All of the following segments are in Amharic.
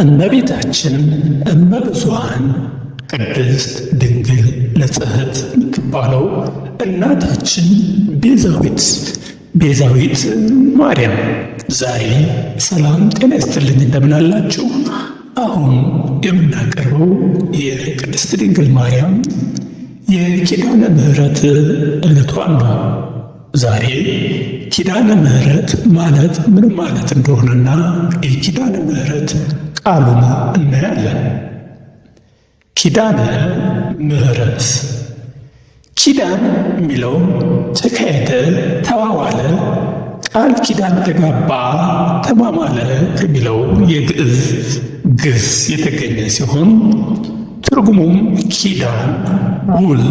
እመቤታችን እመብዙሃን ቅድስት ድንግል ንጽሕት የምትባለው እናታችን ቤዛዊት ቤዛዊት ማርያም ዛሬ ሰላም ጤና ይስጥልኝ። እንደምን አላችሁ? አሁን የምናቀርበው የቅድስት ድንግል ማርያም የኪዳነ ምሕረት ዕለቷን ነው። ዛሬ ኪዳነ ምሕረት ማለት ምን ማለት እንደሆነና የኪዳነ ምሕረት ቃሉን እናያለን። ኪዳነ ምሕረት ኪዳን የሚለው ተካሄደ፣ ተዋዋለ፣ ቃል ኪዳን ተጋባ፣ ተማማለ ከሚለው የግዕዝ ግስ የተገኘ ሲሆን ትርጉሙም ኪዳን፣ ውል፣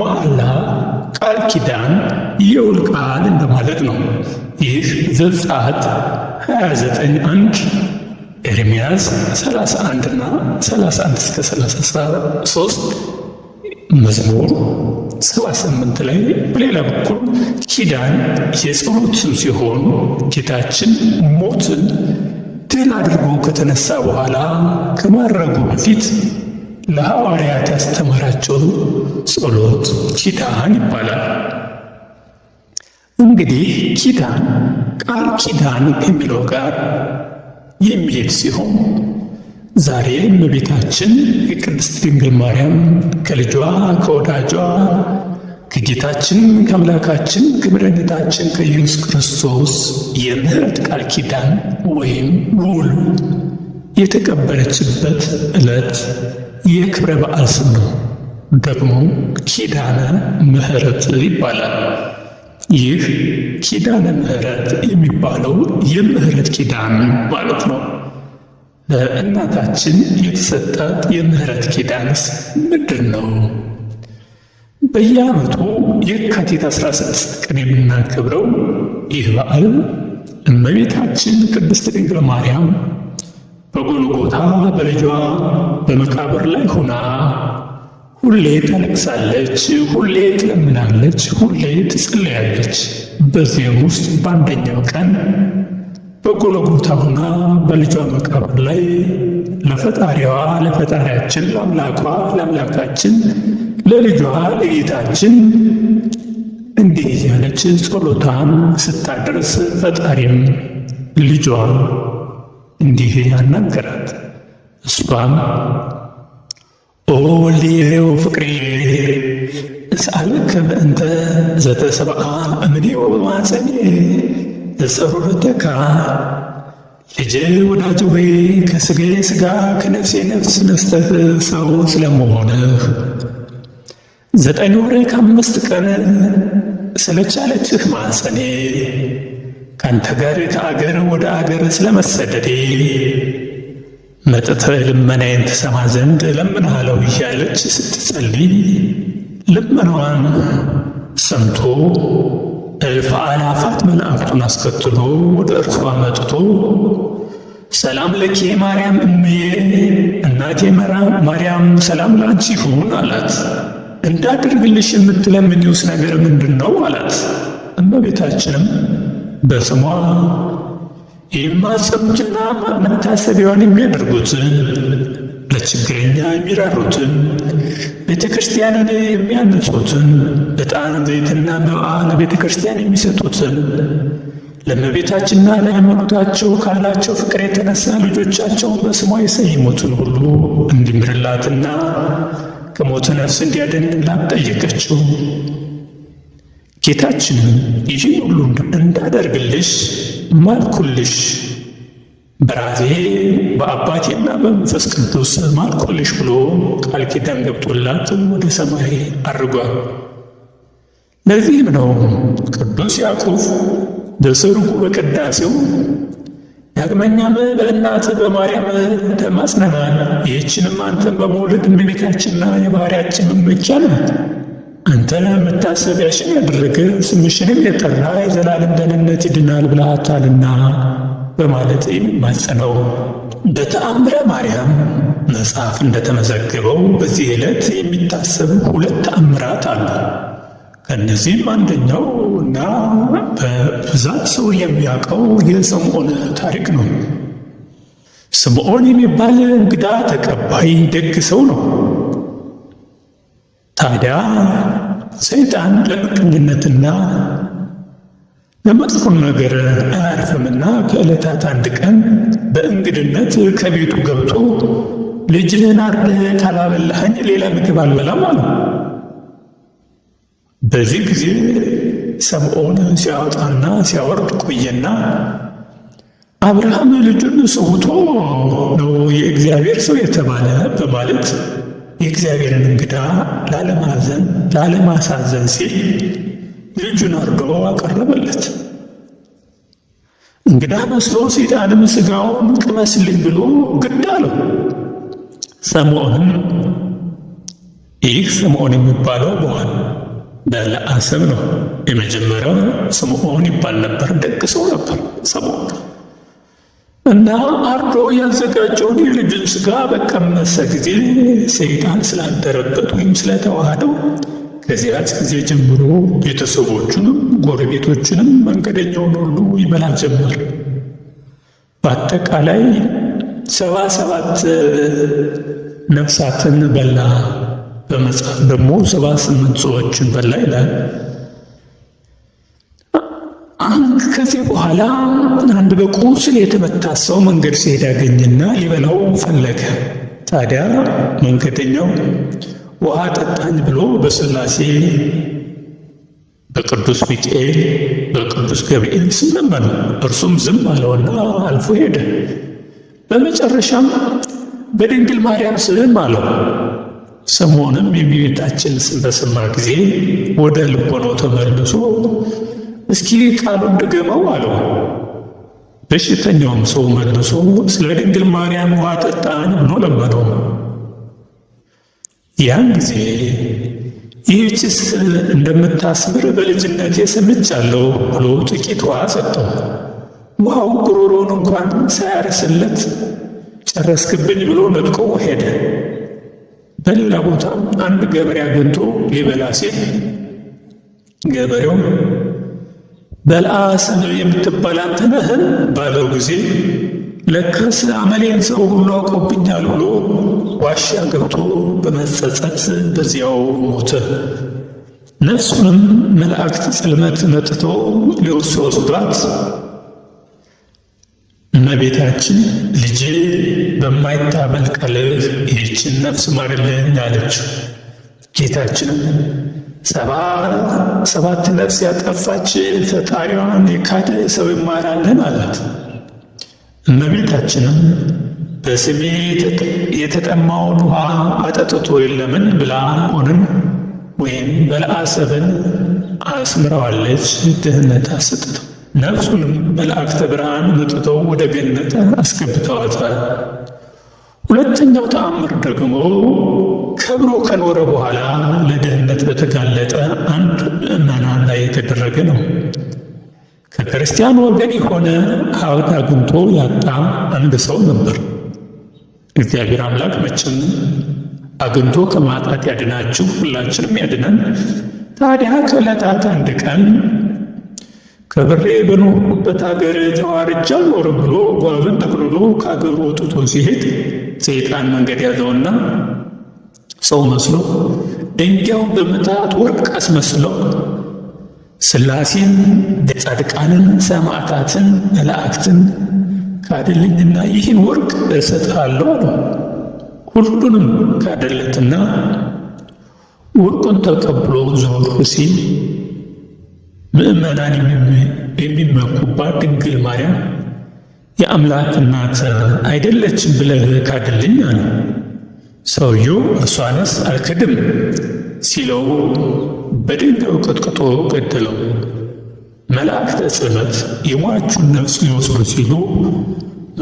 መዓላ፣ ቃል ኪዳን፣ የውል ቃል እንደማለት ነው። ይህ ዘጸአት 29 1 ኤርምያስ 31 እና 31 እስከ 33 መዝሙር 78 ላይ በሌላ በኩል ኪዳን የጸሎትን ሲሆን ጌታችን ሞትን ድል አድርጎ ከተነሳ በኋላ ከማድረጉ በፊት ለሐዋርያት ያስተማራቸው ጸሎት ኪዳን ይባላል። እንግዲህ ኪዳን ቃል ኪዳን ከሚለው ጋር የሚሄድ ሲሆን ዛሬ እመቤታችን የቅድስት ድንግል ማርያም ከልጇ ከወዳጇ ከጌታችን ከአምላካችን ከመድኃኒታችን ከኢየሱስ ክርስቶስ የምሕረት ቃል ኪዳን ወይም ውሉ የተቀበለችበት ዕለት የክብረ በዓል ስም ነው። ደግሞ ኪዳነ ምሕረት ይባላል። ይህ ኪዳነ ምሕረት የሚባለው የምሕረት ኪዳን ማለት ነው። ለእናታችን የተሰጣት የምሕረት ኪዳንስ ምንድን ነው? በየዓመቱ የካቲት 16 ቀን የምናከብረው ይህ በዓል እመቤታችን ቅድስት ድንግል ማርያም በጎልጎታ በልጇ በመቃብር ላይ ሆና ሁሌ ታለቅሳለች፣ ሁሌ ትለምናለች፣ ሁሌ ትጸለያለች። በዚህም ውስጥ በአንደኛው ቀን በጎለጎታ ሆና በልጇ መቃብር ላይ ለፈጣሪዋ ለፈጣሪያችን ለአምላኳ ለአምላካችን ለልጇ ለጌታችን እንዲህ እያለች ጸሎታን ስታደርስ ፈጣሪም ልጇ እንዲህ ያናገራት እሷም ኦሌው ፍቅሬ እስአልከ በእንተ ዘተሰብአ እምኔው በማፀኔ ዘጸሩርተካ ልጄ ወዳጅ ሆይ ከሥጋዬ ስጋ ከነፍሴ ነፍስ ነስተህ ሰው ስለመሆንህ ዘጠኝ ወር ከአምስት ቀን ስለቻለችህ ማፀኔ ከአንተ ጋር ከአገር ወደ አገር ስለመሰደዴ መጥተህ ልመናዬን ትሰማ ዘንድ እለምንሃለሁ እያለች ስትጸልይ ልመናዋን ሰምቶ እልፍ አላፋት መላእክቱን አስከትሎ ወደ እርሷ መጥቶ ሰላም ለኪ ማርያም እምዬ እናቴ ማርያም ሰላም ላንቺ ይሁን አላት። እንዳድርግልሽ የምትለምኒውስ ነገር ምንድን ነው አላት። እመቤታችንም በስሟ የማሰቡትና መታሰቢያውን የሚያደርጉትን ለችግረኛ የሚራሩትን ቤተ ክርስቲያንን የሚያንጹትን ዕጣን ዘይትና መባዕ ለቤተ ክርስቲያን የሚሰጡትን ለመቤታችንና ለሃይማኖታቸው ካላቸው ፍቅር የተነሳ ልጆቻቸውን በስሟ የሰየሙትን ሁሉ እንዲምርላትና ከሞት ነፍስ እንዲያድንላት ጠየቀችው። ጌታችንም ይህን ሁሉ እንዳደርግልሽ ማልኩልሽ በራሴ በአባቴና በመንፈስ ቅዱስ ማልኩልሽ ብሎ ቃል ኪዳን ገብቶላት ወደ ሰማይ አድርጓል። ለዚህም ነው ቅዱስ ያዕቆብ በሰርጉ በቅዳሴው ዳግመኛ በእናት በማርያም ተማጽነናል፣ ይህችንም አንተን በመውለድ እመቤታችንና የባህሪያችን መቻ ነው አንተ ለመታሰቢያሽን ያደረገ ስምሽንም የጠራ የዘላለም ደህንነት ይድናል ብለሃታልና በማለት የሚማጸነው እንደ ተአምረ ማርያም መጽሐፍ እንደተመዘገበው በዚህ ዕለት የሚታሰቡ ሁለት ተአምራት አሉ። ከእነዚህም አንደኛው እና በብዛት ሰው የሚያውቀው የስምዖን ታሪክ ነው። ስምዖን የሚባል እንግዳ ተቀባይ ደግ ሰው ነው። ታዲያ ሰይጣን ለምቀኝነትና ለመጥፎ ነገር አያርፍምና ከዕለታት አንድ ቀን በእንግድነት ከቤቱ ገብቶ ልጅህን አርደህ ካላበላኸኝ ሌላ ምግብ አልበላም አለ። በዚህ ጊዜ ሰምዖን ሲያወጣና ሲያወርድ ቆየና አብርሃም ልጁን ሰውቶ ነው የእግዚአብሔር ሰው የተባለ በማለት የእግዚአብሔርን እንግዳ ላለማዘን ላለማሳዘን ሲል ልጁን አርዶ አቀረበለት። እንግዳ መስሎ ሰይጣንም ስጋውን ቅመስልኝ ብሎ ግድ አለው። ስምዖንም ይህ ስምዖን የሚባለው በኋላ በለአሰብ ነው። የመጀመሪያው ስምዖን ይባል ነበር፣ ደግ ሰው ነበር ስምዖን እና አርዶ ያዘጋጀውን የልጁን ስጋ በቀመሰ ጊዜ ሰይጣን ስላደረበት ወይም ስለተዋህደው ከዚያች ጊዜ ጀምሮ ቤተሰቦቹንም ጎረቤቶቹንም መንገደኛውን ሁሉ ይበላ ጀመር። በአጠቃላይ ሰባ ሰባት ነፍሳትን በላ። በመጽሐፍ ደግሞ ሰባ ስምንት ሰዎችን በላ ይላል። አንድ ከዚህ በኋላ አንድ በቁስል የተመታ ሰው መንገድ ሲሄድ አገኘና ሊበላው ፈለገ። ታዲያ መንገደኛው ውሃ ጠጣኝ ብሎ በስላሴ በቅዱስ ሚካኤል በቅዱስ ገብርኤል ሲለመኑ እርሱም ዝም አለውና አልፎ ሄደ። በመጨረሻም በድንግል ማርያም ስም አለው። ስሙንም የሚቤታችን ስም ጊዜ ወደ ልቦናው ተመልሶ እስኪ ቃሉን ድገመው አለው። በሽተኛውም ሰው መልሶ ስለ ድንግል ማርያም ውሃ ጠጣን ብሎ ለመነው። ያን ጊዜ ይህችስ እንደምታስምር በልጅነቴ አለው ብሎ ጥቂት ውሃ ሰጠው። ውሃው ጉሮሮን እንኳን ሳያርስለት ጨረስክብኝ ብሎ ነጥቆ ሄደ። በሌላ ቦታ አንድ ገበሬ አግኝቶ ሊበላ ሲል ገበሬው በልአ ስምዕ የምትባል አንተ ነህ ባለው ጊዜ ለክርስ አመሌን ሰው ሁሉ አውቆብኛል ብሎ ዋሻ ገብቶ በመጸጸት በዚያው ሞተ። ነፍሱንም መላእክት ጽልመት መጥቶ ለእርሱ ወስዷት እመቤታችን ልጅ በማይታመን ቀልብ ይህችን ነፍስ ማርልን አለችው። ጌታችንም ሰባት ነፍስ ያጠፋች ፈጣሪዋን የካደ ሰው ይማራለን አላት። እመቤታችንም በስሜ የተጠማውን ውሃ አጠጥቶ የለምን ብላ ሆንን ወይም በለአሰብን አስምረዋለች። ድህነት አሰጥተው ነፍሱንም መላእክተ ብርሃን መጥተው ወደ ገነት አስገብተዋታል። ሁለተኛው ተአምር ደግሞ ከብሮ ከኖረ በኋላ ለድህነት በተጋለጠ አንድ ምዕመናን ላይ የተደረገ ነው። ከክርስቲያን ወገን የሆነ ሀብት አግኝቶ ያጣ አንድ ሰው ነበር። እግዚአብሔር አምላክ መቼም አግኝቶ ከማጣት ያድናችሁ፣ ሁላችንም ያድናል። ታዲያ ከዕለታት አንድ ቀን ከብሬ በኖርኩበት አገር ተዋርጃ ኖር ብሎ ጓብን ተክልሎ ከአገሩ ወጥቶ ሲሄድ ሰይጣን መንገድ ያዘውና ሰው መስሎ ድንጋዩን በምትሃት ወርቅ አስመስሎ ስላሴን፣ ጻድቃንን፣ ሰማዕታትን፣ መላእክትን ካደልኝና ይህን ወርቅ እሰጥሃለሁ አለው። ሁሉንም ካደለትና ወርቁን ተቀብሎ ዞር ሲል ምእመናን የሚመኩባት ድንግል ማርያም የአምላክ እናት አይደለችም ብለህ ካደልኝ አለ። ሰውየው እሷንስ አልክድም ሲለው በድንጋዩ ቀጥቅጦ ገደለው። መላእክተ ጽሕፈት የሟቹን ነፍስ ሊወስዱ ሲሉ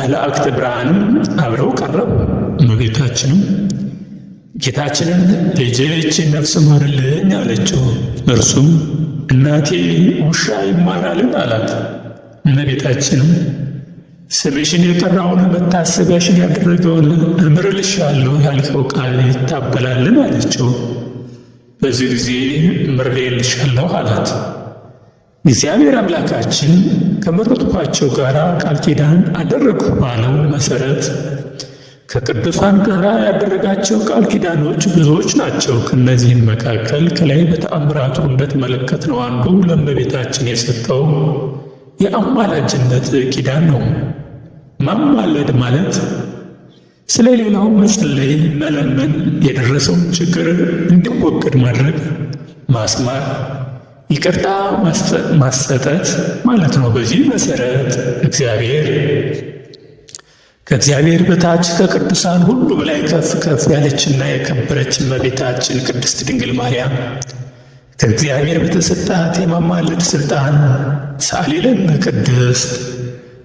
መላእክተ ብርሃንም አብረው ቀረቡ። እመቤታችንም ጌታችንን ልጄች ነፍስ ማርልኝ አለችው። እርሱም እናቴ ውሻ ይማራልን አላት። እመቤታችንም ስምሽን የጠራውን መታሰቢያሽን ያደረገውን እምርልሻለሁ ያልከው ቃል ይታበላልን አለችው። በዚህ ጊዜ እምርልሻለሁ አላት። እግዚአብሔር አምላካችን ከመረጥኳቸው ጋር ቃል ኪዳን አደረግሁ ባለው መሰረት ከቅዱሳን ጋር ያደረጋቸው ቃል ኪዳኖች ብዙዎች ናቸው። ከእነዚህም መካከል ከላይ በተአምራቱ እንደተመለከትነው አንዱ ለእመቤታችን የሰጠው የአማላጅነት ኪዳን ነው። ማማለድ ማለት ስለ ሌላው መጸለይ፣ መለመን፣ የደረሰውን ችግር እንዲወገድ ማድረግ፣ ማስማር፣ ይቅርታ ማሰጠት ማለት ነው። በዚህ መሰረት እግዚአብሔር ከእግዚአብሔር በታች ከቅዱሳን ሁሉ በላይ ከፍ ከፍ ያለችና የከበረች እመቤታችን ቅድስት ድንግል ማርያም ከእግዚአብሔር በተሰጣት የማማለድ ስልጣን ሳሌለን ቅድስት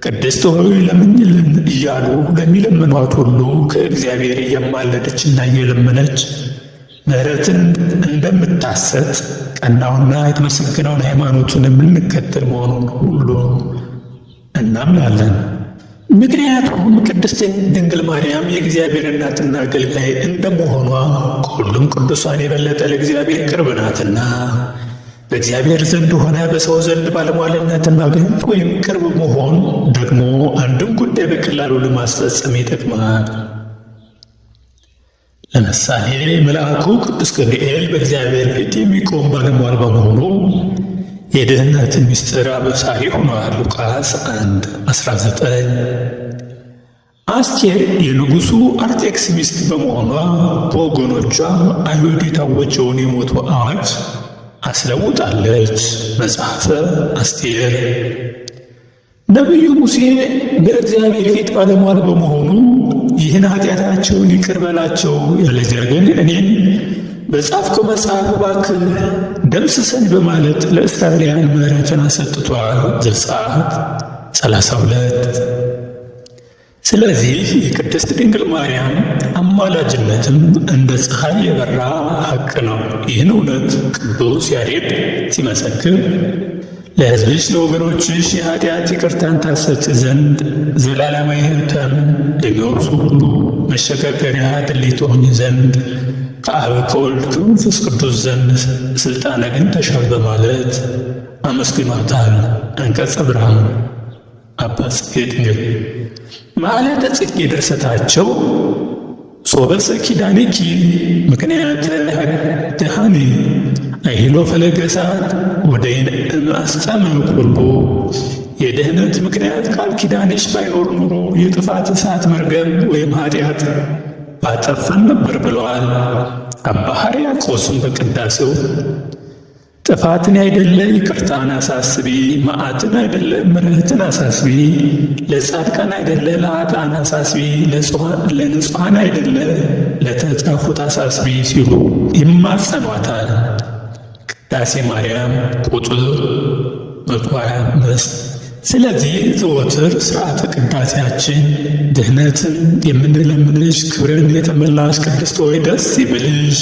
ቅድስት ሆይ ለምኝልን እያሉ ለሚለምኗት ሁሉ ከእግዚአብሔር እያማለደችና እየለመነች ምሕረትን እንደምታሰጥ ቀናውና የተመሰገነውን ሃይማኖቱን የምንከተል መሆኑን ሁሉ እናምናለን። ምክንያቱም ቅድስት ድንግል ማርያም የእግዚአብሔር እናትና አገልጋይ እንደመሆኗ ከሁሉም ቅዱሳን የበለጠ ለእግዚአብሔር ቅርብ ናትና በእግዚአብሔር ዘንድ ሆነ በሰው ዘንድ ባለሟልነትን ማግኘት ወይም ቅርብ መሆን ደግሞ አንድም ጉዳይ በቀላሉ ለማስፈጸም ይጠቅማል። ለምሳሌ መልአኩ ቅዱስ ገብርኤል በእግዚአብሔር ፊት የሚቆም ባለሟል በመሆኑ የድህነት ምስጢር አበሳሪ ሆኗል። ሉቃስ 1 19 አስቴር የንጉሡ አርጤክስ ሚስት በመሆኗ በወገኖቿ አይሁድ የታወጀውን የሞቱ አዋጅ አስለውጣለች። መጽሐፈ አስቴር። ነቢዩ ሙሴ በእግዚአብሔር ፊት ባለሟል በመሆኑ ይህን ኃጢአታቸውን ይቅር በላቸው ያለ ጀርግን እኔን በጻፍከው መጽሐፍ እባክህ ደምስሰን በማለት ለእስራኤላውያን ምሕረትን አሰጥቷል። ዘጸአት 32 ስለዚህ የቅድስት ድንግል ማርያም አማላጅነትም እንደ ፀሐይ የበራ ሐቅ ነው። ይህን እውነት ቅዱስ ያሬድ ሲመሰክር ለሕዝብሽ ለወገኖችሽ የኃጢአት ይቅርታን ታሰጭ ዘንድ ዘላለማዊ ሕይወትን ለሚወርሱ ሁሉ መሸጋገሪያ ድልድይ ትሆኝ ዘንድ ከአብ ከወልድ ከመንፈስ ቅዱስ ዘንድ ግን ተሻል በማለት አመስግኗታል። አንቀጸ ብርሃን አባ ጽጌ ድንግል ማዕለተ ጽጌ ድርሰታቸው ሶበሰ ኪዳንኪ ምክንያት ድሃኒ አይሎ ፈለገ ወደ ማስጠመ ቁርቦ የደህነት ምክንያት ቃል ኪዳንሽ ባይኖር ኑሮ የጥፋት እሳት መርገም ወይም ኃጢአት ባጠፋን ነበር ብለዋል አባ ሕርያቆስም በቅዳሴው ጥፋትን አይደለ ይቅርታን አሳስቢ፣ መዓትን አይደለ ምሕረትን አሳስቢ፣ ለጻድቃን አይደለ ለኃጥአን አሳስቢ፣ ለንጹሐን አይደለ ለተጻፉት አሳስቢ ሲሉ ይማጸኗታል። ቅዳሴ ማርያም ቁጥር መቶ አምስት ስለዚህ ዘወትር ስርዓተ ቅዳሴያችን ድህነትን የምንለምንሽ ክብርን የተመላሽ ቅድስት ሆይ ደስ ይበልሽ፣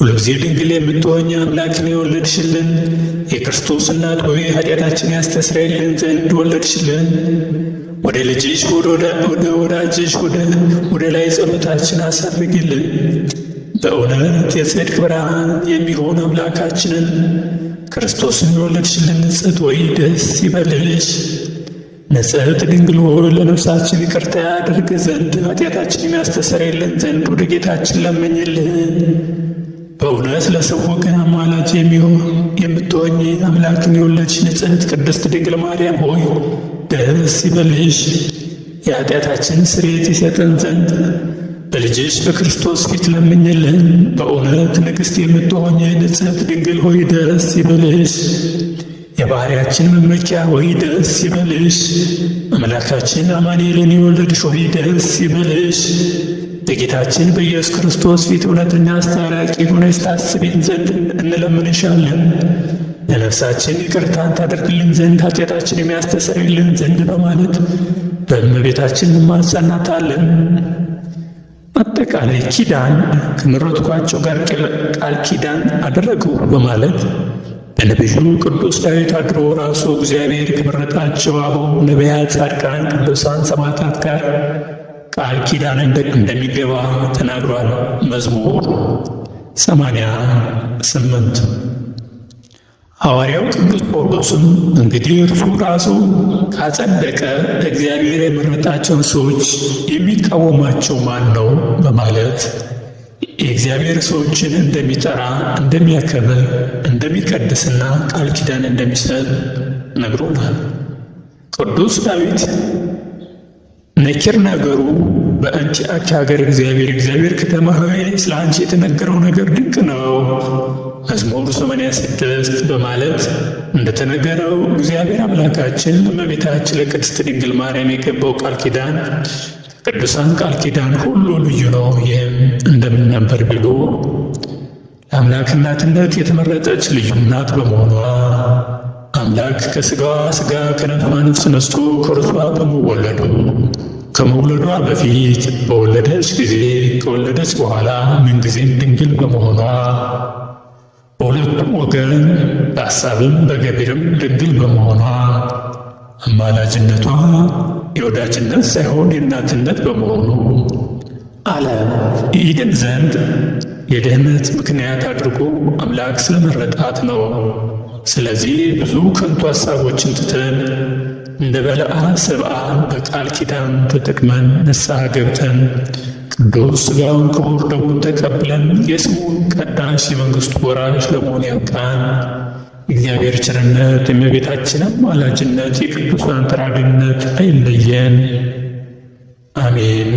ሁልጊዜ ድንግል የምትሆኝ አምላክን የወለድሽልን የክርስቶስ እናት ሆይ ኃጢአታችን ያስተስረይልን ዘንድ ወለድሽልን። ወደ ልጅሽ ወደ ወዳጅሽ ወደ ላይ ጸሎታችን አሳርግልን። በእውነት የጽድቅ ብርሃን የሚሆን አምላካችንን ክርስቶስን የወለድሽልን ንጽሕት ወይ ደስ ይበልሽ። ንጽሕት ድንግል ሆይ ለነፍሳችን ይቅርታ ያደርግ ዘንድ ኃጢአታችን የሚያስተሰርይልን ዘንድ ወደ ጌታችን ለመኝልን። በእውነት ለሰው ወገን አማላጅ የሚሆን የምትሆኝ አምላክን የወለድሽ ንጽሕት ቅድስት ድንግል ማርያም ሆይ ደስ ይበልሽ። የኃጢአታችን ስርየት ይሰጠን ዘንድ በልጅሽ በክርስቶስ ፊት ለምኝልን። በእውነት ንግሥት የምትሆኝ ንጽሕት ድንግል ሆይ ደስ ይበልሽ። የባሕርያችን መመኪያ ሆይ ደስ ይበልሽ። አምላካችን አማኑኤልን የወለድሽ ሆይ ደስ ይበልሽ። በጌታችን በኢየሱስ ክርስቶስ ፊት እውነተኛ አስታራቂ ሆነሽ ታስቢን ዘንድ እንለምንሻለን። ለነፍሳችን ይቅርታን ታደርግልን ዘንድ ኃጢአታችን የሚያስተሰርይልን ዘንድ በማለት በእመቤታችን እንማጸናታለን። አጠቃላይ ኪዳን ከመረጥኳቸው ጋር ቃል ኪዳን አደረጉ በማለት በነቢዩ ቅዱስ ዳዊት አድሮ ራሱ እግዚአብሔር ከመረጣቸው አበው ነቢያት፣ ጻድቃን፣ ቅዱሳን፣ ሰማዕታት ጋር ቃል ኪዳን እንደሚገባ ተናግሯል። መዝሙር 88 ሐዋርያው ቅዱስ ጳውሎስም እንግዲህ እርሱ ራሱ ካጸደቀ እግዚአብሔር የመረጣቸውን ሰዎች የሚቃወማቸው ማን ነው? በማለት የእግዚአብሔር ሰዎችን እንደሚጠራ እንደሚያከብር፣ እንደሚቀድስና ቃል ኪዳን እንደሚሰጥ ነግሮናል። ቅዱስ ዳዊት ነኪር ነገሩ አኪ ሀገር እግዚአብሔር እግዚአብሔር ከተማ ሆይ ስለ አንቺ የተነገረው ነገር ድንቅ ነው መዝሙር 86 በማለት እንደተነገረው እግዚአብሔር አምላካችን ለእመቤታችን ለቅድስት ድንግል ማርያም የገባው ቃል ኪዳን ቅዱሳን ቃል ኪዳን ሁሉ ልዩ ነው። ይህም እንደምን ነበር ቢሉ ለአምላክ እናትነት የተመረጠች ልዩ እናት በመሆኗ አምላክ ከስጋዋ ስጋ ከነፍሷ ነፍስ ነስቶ ከርሷ በመወለዱ ከመውለዷ በፊት በወለደች ጊዜ ከወለደች በኋላ ምንጊዜም ድንግል በመሆኗ በሁለቱም ወገን በሐሳብም በገቢርም ድንግል በመሆኗ አማላጅነቷ የወዳጅነት ሳይሆን የእናትነት በመሆኑ ዓለም ይድን ዘንድ የድህነት ምክንያት አድርጎ አምላክ ስለመረጣት ነው። ስለዚህ ብዙ ከንቱ ሐሳቦችን ትተን እንደ በለዓ ሰብአ በቃል ኪዳን ተጠቅመን ንስሐ ገብተን ቅዱስ ሥጋውን ክቡር ደሙን ተቀብለን የስሙን ቀዳሽ የመንግሥቱ ወራሽ ለመሆን ያብቃን። እግዚአብሔር ቸርነት፣ የእመቤታችን አማላጅነት፣ የቅዱሳን ተራዳኢነት አይለየን። አሜን።